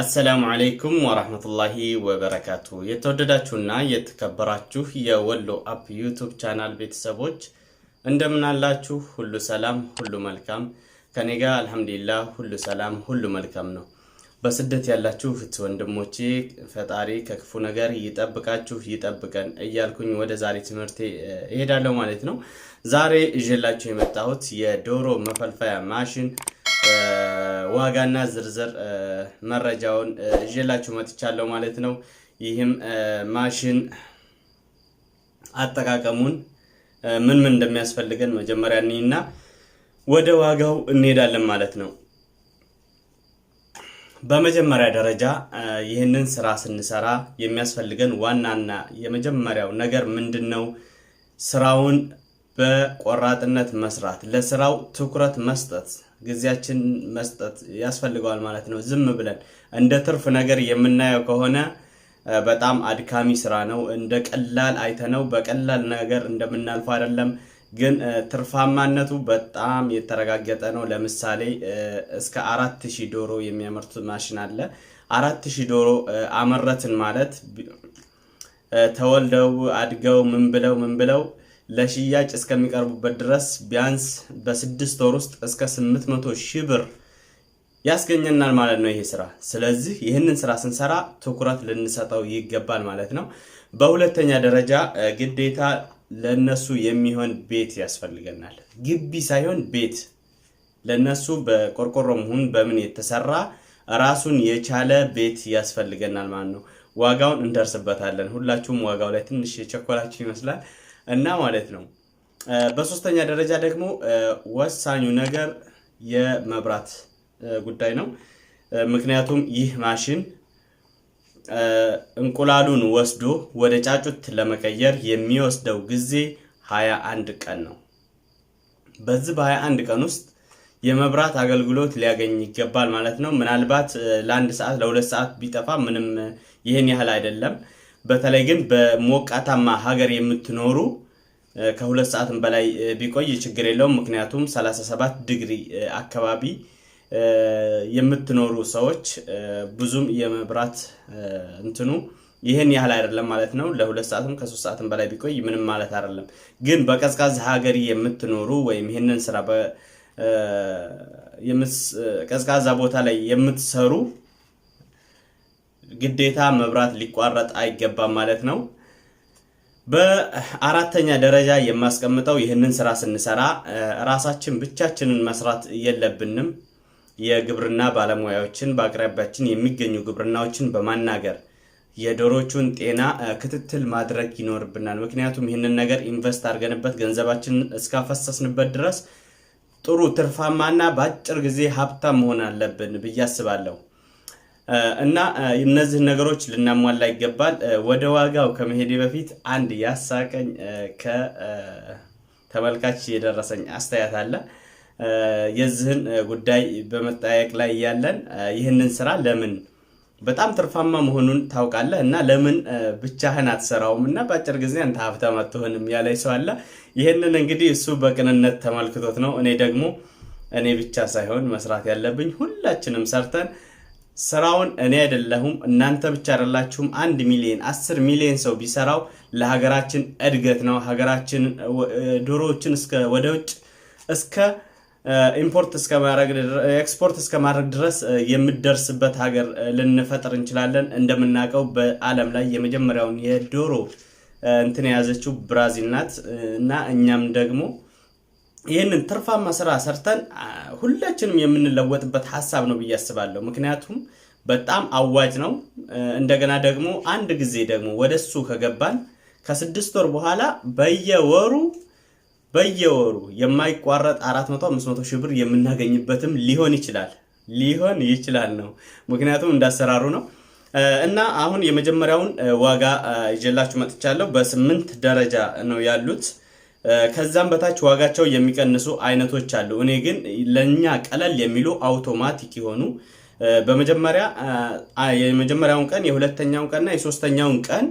አሰላሙ አለይኩም ወራህመቱላሂ ወበረካቱ። የተወደዳችሁና የተከበራችሁ የወሎ አፕ ዩቱብ ቻናል ቤተሰቦች እንደምናላችሁ፣ ሁሉ ሰላም፣ ሁሉ መልካም ከኔ ጋር አልሐምዱሊላህ፣ ሁሉ ሰላም፣ ሁሉ መልካም ነው። በስደት ያላችሁ እህት ወንድሞቼ ፈጣሪ ከክፉ ነገር ይጠብቃችሁ ይጠብቀን እያልኩኝ ወደ ዛሬ ትምህርቴ እሄዳለሁ ማለት ነው። ዛሬ ይዤላችሁ የመጣሁት የዶሮ መፈልፈያ ማሽን ዋጋና ዝርዝር መረጃውን ይዤላችሁ መጥቻለሁ ማለት ነው። ይህም ማሽን አጠቃቀሙን ምን ምን እንደሚያስፈልገን መጀመሪያ እኔና ወደ ዋጋው እንሄዳለን ማለት ነው። በመጀመሪያ ደረጃ ይህንን ስራ ስንሰራ የሚያስፈልገን ዋናና የመጀመሪያው ነገር ምንድን ነው? ስራውን በቆራጥነት መስራት፣ ለስራው ትኩረት መስጠት ጊዜያችን መስጠት ያስፈልገዋል ማለት ነው። ዝም ብለን እንደ ትርፍ ነገር የምናየው ከሆነ በጣም አድካሚ ስራ ነው። እንደ ቀላል አይተነው በቀላል ነገር እንደምናልፈው አይደለም። ግን ትርፋማነቱ በጣም የተረጋገጠ ነው። ለምሳሌ እስከ አራት ሺህ ዶሮ የሚያመርት ማሽን አለ። አራት ሺህ ዶሮ አመረትን ማለት ተወልደው አድገው ምን ብለው ምን ብለው ለሽያጭ እስከሚቀርቡበት ድረስ ቢያንስ በስድስት ወር ውስጥ እስከ 800 ሺህ ብር ያስገኘናል ማለት ነው ይሄ ስራ። ስለዚህ ይህንን ስራ ስንሰራ ትኩረት ልንሰጠው ይገባል ማለት ነው። በሁለተኛ ደረጃ ግዴታ ለነሱ የሚሆን ቤት ያስፈልገናል። ግቢ ሳይሆን ቤት ለነሱ በቆርቆሮ መሆን በምን የተሰራ ራሱን የቻለ ቤት ያስፈልገናል ማለት ነው። ዋጋውን እንደርስበታለን። ሁላችሁም ዋጋው ላይ ትንሽ የቸኮላችሁ ይመስላል። እና ማለት ነው። በሶስተኛ ደረጃ ደግሞ ወሳኙ ነገር የመብራት ጉዳይ ነው። ምክንያቱም ይህ ማሽን እንቁላሉን ወስዶ ወደ ጫጩት ለመቀየር የሚወስደው ጊዜ 21 ቀን ነው። በዚህ በ21 ቀን ውስጥ የመብራት አገልግሎት ሊያገኝ ይገባል ማለት ነው። ምናልባት ለአንድ ሰዓት ለሁለት ሰዓት ቢጠፋ ምንም ይህን ያህል አይደለም። በተለይ ግን በሞቃታማ ሀገር የምትኖሩ ከሁለት ሰዓትም በላይ ቢቆይ ችግር የለውም። ምክንያቱም 37 ዲግሪ አካባቢ የምትኖሩ ሰዎች ብዙም የመብራት እንትኑ ይህን ያህል አይደለም ማለት ነው። ለሁለት ሰዓትም ከሶስት ሰዓትም በላይ ቢቆይ ምንም ማለት አይደለም። ግን በቀዝቃዛ ሀገር የምትኖሩ ወይም ይህንን ስራ ቀዝቃዛ ቦታ ላይ የምትሰሩ ግዴታ መብራት ሊቋረጥ አይገባም ማለት ነው። በአራተኛ ደረጃ የማስቀምጠው ይህንን ስራ ስንሰራ ራሳችን ብቻችንን መስራት የለብንም። የግብርና ባለሙያዎችን በአቅራቢያችን የሚገኙ ግብርናዎችን በማናገር የዶሮቹን ጤና ክትትል ማድረግ ይኖርብናል። ምክንያቱም ይህንን ነገር ኢንቨስት አድርገንበት ገንዘባችን እስካፈሰስንበት ድረስ ጥሩ ትርፋማና በአጭር ጊዜ ሀብታም መሆን አለብን ብዬ አስባለሁ። እና እነዚህን ነገሮች ልናሟላ ይገባል። ወደ ዋጋው ከመሄዴ በፊት አንድ ያሳቀኝ ከተመልካች የደረሰኝ አስተያየት አለ። የዚህን ጉዳይ በመጠያየቅ ላይ እያለን ይህንን ስራ ለምን በጣም ትርፋማ መሆኑን ታውቃለህ እና ለምን ብቻህን አትሰራውም እና በአጭር ጊዜ አንተ ሀብታም አትሆንም ያለኝ ሰው አለ። ይህንን እንግዲህ እሱ በቅንነት ተመልክቶት ነው። እኔ ደግሞ እኔ ብቻ ሳይሆን መስራት ያለብኝ ሁላችንም ሰርተን ስራውን እኔ አይደለሁም እናንተ ብቻ አይደላችሁም። አንድ ሚሊዮን አስር ሚሊዮን ሰው ቢሰራው ለሀገራችን እድገት ነው። ሀገራችን ዶሮዎችን ወደ ውጭ እስከ ኢምፖርት ኤክስፖርት እስከ ማድረግ ድረስ የምደርስበት ሀገር ልንፈጥር እንችላለን። እንደምናውቀው በአለም ላይ የመጀመሪያውን የዶሮ እንትን የያዘችው ብራዚል ናት እና እኛም ደግሞ ይህንን ትርፋማ ስራ ሰርተን ሁላችንም የምንለወጥበት ሀሳብ ነው ብዬ አስባለሁ። ምክንያቱም በጣም አዋጭ ነው። እንደገና ደግሞ አንድ ጊዜ ደግሞ ወደሱ ከገባን ከስድስት ወር በኋላ በየወሩ በየወሩ የማይቋረጥ 400 500 ሺህ ብር የምናገኝበትም ሊሆን ይችላል ሊሆን ይችላል ነው። ምክንያቱም እንዳሰራሩ ነው እና አሁን የመጀመሪያውን ዋጋ ይዤላችሁ መጥቻለሁ። በስምንት ደረጃ ነው ያሉት ከዛም በታች ዋጋቸው የሚቀንሱ አይነቶች አሉ። እኔ ግን ለእኛ ቀለል የሚሉ አውቶማቲክ የሆኑ በመጀመሪያ የመጀመሪያውን ቀን የሁለተኛውን ቀንና የሶስተኛውን ቀን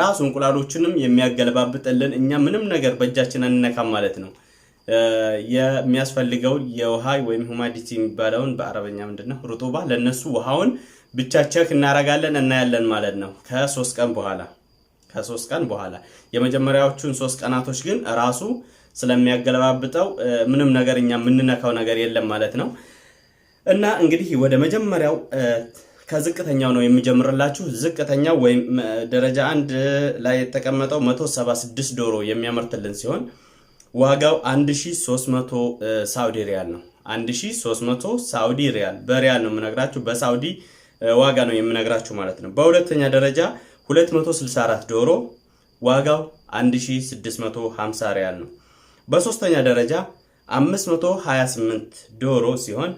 ራሱ እንቁላሎችንም የሚያገለባብጥልን እኛ ምንም ነገር በእጃችን አንነካም ማለት ነው። የሚያስፈልገው የውሃ ወይም ሁማዲቲ የሚባለውን በአረበኛ ምንድን ሩጡባ፣ ለእነሱ ውሃውን ብቻ ቸክ እናረጋለን እናያለን ማለት ነው ከሶስት ቀን በኋላ ከሶስት ቀን በኋላ የመጀመሪያዎቹን ሶስት ቀናቶች ግን ራሱ ስለሚያገለባብጠው ምንም ነገር እኛ የምንነካው ነገር የለም ማለት ነው። እና እንግዲህ ወደ መጀመሪያው ከዝቅተኛው ነው የሚጀምርላችሁ። ዝቅተኛው ወይም ደረጃ አንድ ላይ የተቀመጠው 176 ዶሮ የሚያመርትልን ሲሆን ዋጋው 1300 ሳውዲ ሪያል ነው። 1300 ሳውዲ ሪያል በሪያል ነው የምነግራችሁ፣ በሳውዲ ዋጋ ነው የምነግራችሁ ማለት ነው። በሁለተኛ ደረጃ 264 ዶሮ ዋጋው 1650 ሪያል ነው። በሶስተኛ ደረጃ 528 ዶሮ ሲሆን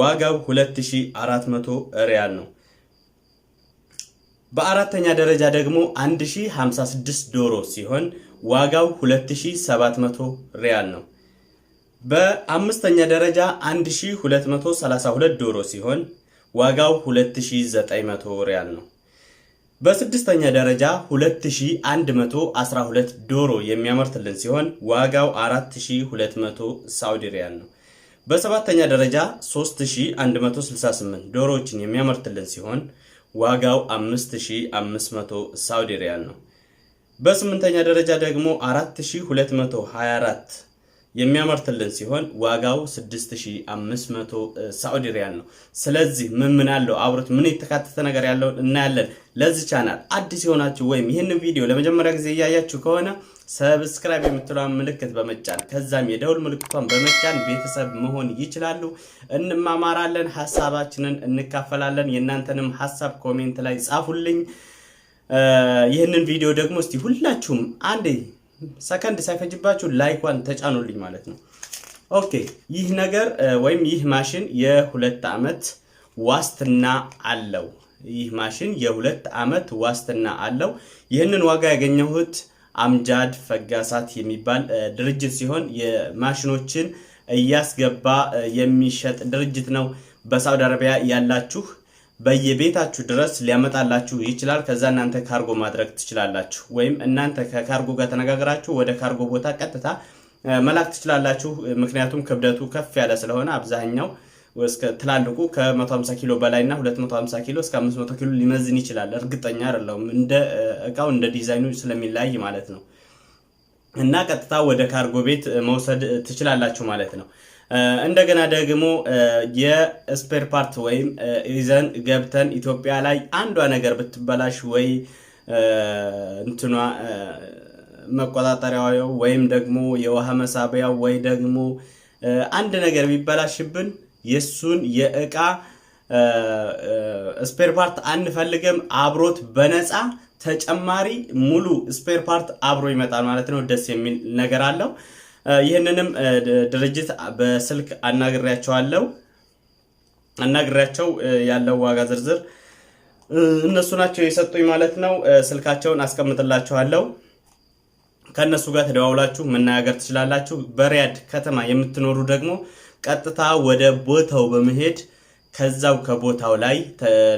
ዋጋው 2400 ሪያል ነው። በአራተኛ ደረጃ ደግሞ 1056 ዶሮ ሲሆን ዋጋው 2700 ሪያል ነው። በአምስተኛ ደረጃ 1232 ዶሮ ሲሆን ዋጋው 2900 ሪያል ነው። በስድስተኛ ደረጃ 2112 ዶሮ የሚያመርትልን ሲሆን ዋጋው 4200 ሳውዲ ሪያል ነው። በሰባተኛ ደረጃ 3168 ዶሮዎችን የሚያመርትልን ሲሆን ዋጋው 5500 ሳውዲ ሪያል ነው። በስምንተኛ ደረጃ ደግሞ 4224 የሚያመርትልን ሲሆን ዋጋው 6500 ሳዑዲ ሪያል ነው። ስለዚህ ምን ምን አለው አብሮት ምን የተካተተ ነገር ያለው እናያለን። ለዚህ ቻናል አዲስ የሆናችሁ ወይም ይህን ቪዲዮ ለመጀመሪያ ጊዜ እያያችሁ ከሆነ ሰብስክራይብ የምትለዋን ምልክት በመጫን ከዛም የደውል ምልክቷን በመጫን ቤተሰብ መሆን ይችላሉ። እንማማራለን፣ ሀሳባችንን እንካፈላለን። የእናንተንም ሀሳብ ኮሜንት ላይ ጻፉልኝ። ይህንን ቪዲዮ ደግሞ እስቲ ሁላችሁም አንዴ ሰከንድ ሳይፈጅባችሁ ላይኳን ተጫኑልኝ ማለት ነው። ኦኬ ይህ ነገር ወይም ይህ ማሽን የሁለት ዓመት ዋስትና አለው። ይህ ማሽን የሁለት ዓመት ዋስትና አለው። ይህንን ዋጋ ያገኘሁት አምጃድ ፈጋሳት የሚባል ድርጅት ሲሆን የማሽኖችን እያስገባ የሚሸጥ ድርጅት ነው። በሳውዲ አረቢያ ያላችሁ በየቤታችሁ ድረስ ሊያመጣላችሁ ይችላል። ከዛ እናንተ ካርጎ ማድረግ ትችላላችሁ። ወይም እናንተ ከካርጎ ጋር ተነጋግራችሁ ወደ ካርጎ ቦታ ቀጥታ መላክ ትችላላችሁ። ምክንያቱም ክብደቱ ከፍ ያለ ስለሆነ አብዛኛው እስከ ትላልቁ ከ150 ኪሎ በላይ እና 250 ኪሎ እስከ 500 ኪሎ ሊመዝን ይችላል። እርግጠኛ አይደለሁም እንደ እቃው እንደ ዲዛይኑ ስለሚለያይ ማለት ነው። እና ቀጥታ ወደ ካርጎ ቤት መውሰድ ትችላላችሁ ማለት ነው። እንደገና ደግሞ የስፔር ፓርት ወይም ይዘን ገብተን ኢትዮጵያ ላይ አንዷ ነገር ብትበላሽ ወይ እንትኗ መቆጣጠሪያው ወይም ደግሞ የውሃ መሳቢያው ወይ ደግሞ አንድ ነገር ቢበላሽብን የእሱን የእቃ ስፔር ፓርት አንፈልግም። አብሮት በነፃ ተጨማሪ ሙሉ ስፔር ፓርት አብሮ ይመጣል ማለት ነው። ደስ የሚል ነገር አለው። ይህንንም ድርጅት በስልክ አናግሬያቸዋለሁ አናግሬያቸው ያለው ዋጋ ዝርዝር እነሱ ናቸው የሰጡኝ ማለት ነው። ስልካቸውን አስቀምጥላችኋለሁ። ከእነሱ ጋር ተደዋውላችሁ መነጋገር ትችላላችሁ። በሪያድ ከተማ የምትኖሩ ደግሞ ቀጥታ ወደ ቦታው በመሄድ ከዛው ከቦታው ላይ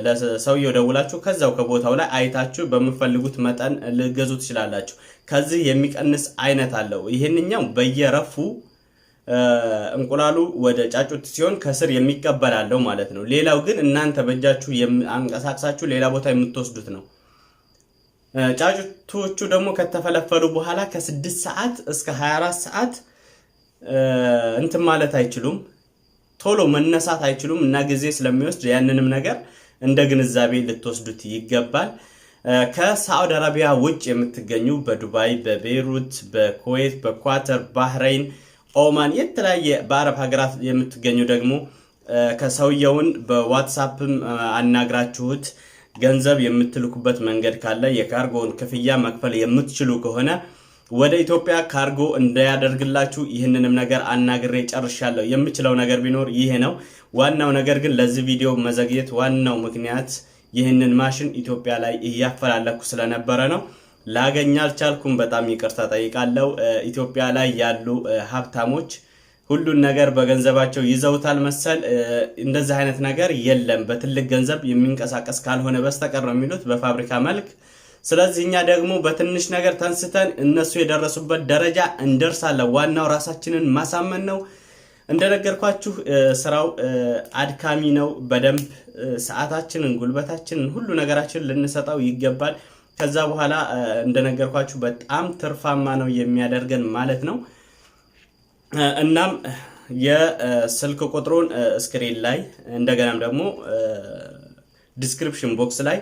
ለሰውየው ደውላችሁ ከዛው ከቦታው ላይ አይታችሁ በምፈልጉት መጠን ልገዙ ትችላላችሁ። ከዚህ የሚቀንስ አይነት አለው። ይህንኛው በየረፉ እንቁላሉ ወደ ጫጩት ሲሆን ከስር የሚቀበል አለው ማለት ነው። ሌላው ግን እናንተ በእጃችሁ አንቀሳቅሳችሁ ሌላ ቦታ የምትወስዱት ነው። ጫጩቶቹ ደግሞ ከተፈለፈሉ በኋላ ከስድስት ሰዓት እስከ 24 ሰዓት እንትን ማለት አይችሉም፣ ቶሎ መነሳት አይችሉም እና ጊዜ ስለሚወስድ ያንንም ነገር እንደ ግንዛቤ ልትወስዱት ይገባል። ከሳዑዲ አረቢያ ውጭ የምትገኙ በዱባይ፣ በቤይሩት፣ በኩዌት፣ በኳተር፣ ባህረይን፣ ኦማን የተለያየ በአረብ ሀገራት የምትገኙ ደግሞ ከሰውየውን በዋትሳፕም አናግራችሁት ገንዘብ የምትልኩበት መንገድ ካለ የካርጎውን ክፍያ መክፈል የምትችሉ ከሆነ ወደ ኢትዮጵያ ካርጎ እንዳያደርግላችሁ ይህንንም ነገር አናግሬ ጨርሻለሁ። የምችለው ነገር ቢኖር ይሄ ነው። ዋናው ነገር ግን ለዚህ ቪዲዮ መዘግየት ዋናው ምክንያት ይህንን ማሽን ኢትዮጵያ ላይ እያፈላለኩ ስለነበረ ነው። ላገኝ አልቻልኩም። በጣም ይቅርታ ጠይቃለሁ። ኢትዮጵያ ላይ ያሉ ሀብታሞች ሁሉን ነገር በገንዘባቸው ይዘውታል መሰል። እንደዚህ አይነት ነገር የለም በትልቅ ገንዘብ የሚንቀሳቀስ ካልሆነ በስተቀር ነው የሚሉት በፋብሪካ መልክ። ስለዚህ እኛ ደግሞ በትንሽ ነገር ተንስተን እነሱ የደረሱበት ደረጃ እንደርሳለን። ዋናው ራሳችንን ማሳመን ነው። እንደነገርኳችሁ ስራው አድካሚ ነው። በደንብ ሰዓታችንን፣ ጉልበታችንን፣ ሁሉ ነገራችን ልንሰጠው ይገባል። ከዛ በኋላ እንደነገርኳችሁ በጣም ትርፋማ ነው የሚያደርገን ማለት ነው። እናም የስልክ ቁጥሩን ስክሪን ላይ እንደገናም ደግሞ ዲስክሪፕሽን ቦክስ ላይ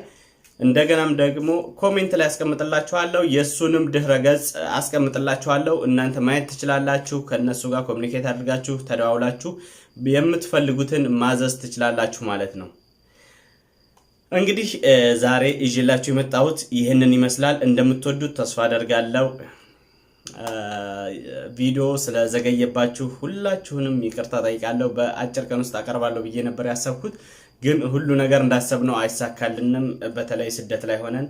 እንደገናም ደግሞ ኮሜንት ላይ አስቀምጥላችኋለሁ። የእሱንም ድህረ ገጽ አስቀምጥላችኋለሁ። እናንተ ማየት ትችላላችሁ። ከእነሱ ጋር ኮሚኒኬት አድርጋችሁ ተደዋውላችሁ የምትፈልጉትን ማዘዝ ትችላላችሁ ማለት ነው። እንግዲህ ዛሬ እዥላችሁ የመጣሁት ይህንን ይመስላል። እንደምትወዱት ተስፋ አደርጋለሁ። ቪዲዮ ስለዘገየባችሁ ሁላችሁንም ይቅርታ ጠይቃለሁ። በአጭር ቀን ውስጥ አቀርባለሁ ብዬ ነበር ያሰብኩት። ግን ሁሉ ነገር እንዳሰብነው አይሳካልንም። በተለይ ስደት ላይ ሆነን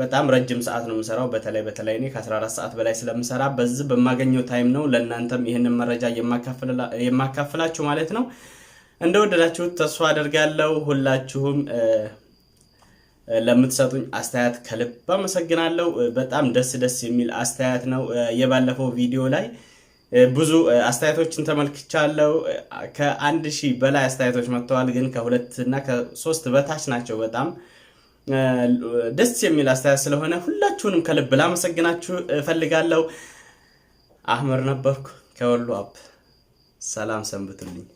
በጣም ረጅም ሰዓት ነው የምሰራው። በተለይ በተለይ እኔ ከ14 ሰዓት በላይ ስለምሰራ በዚህ በማገኘው ታይም ነው ለእናንተም ይህንን መረጃ የማካፍላችሁ ማለት ነው። እንደወደዳችሁት ተስፋ አድርጋለሁ። ሁላችሁም ለምትሰጡኝ አስተያየት ከልብ አመሰግናለሁ። በጣም ደስ ደስ የሚል አስተያየት ነው የባለፈው ቪዲዮ ላይ ብዙ አስተያየቶችን ተመልክቻለሁ። ከአንድ ሺህ በላይ አስተያየቶች መጥተዋል፣ ግን ከሁለት እና ከሶስት በታች ናቸው። በጣም ደስ የሚል አስተያየት ስለሆነ ሁላችሁንም ከልብ ላመሰግናችሁ እፈልጋለሁ። አህመር ነበርኩ ከወሎ አብ። ሰላም ሰንብቱልኝ።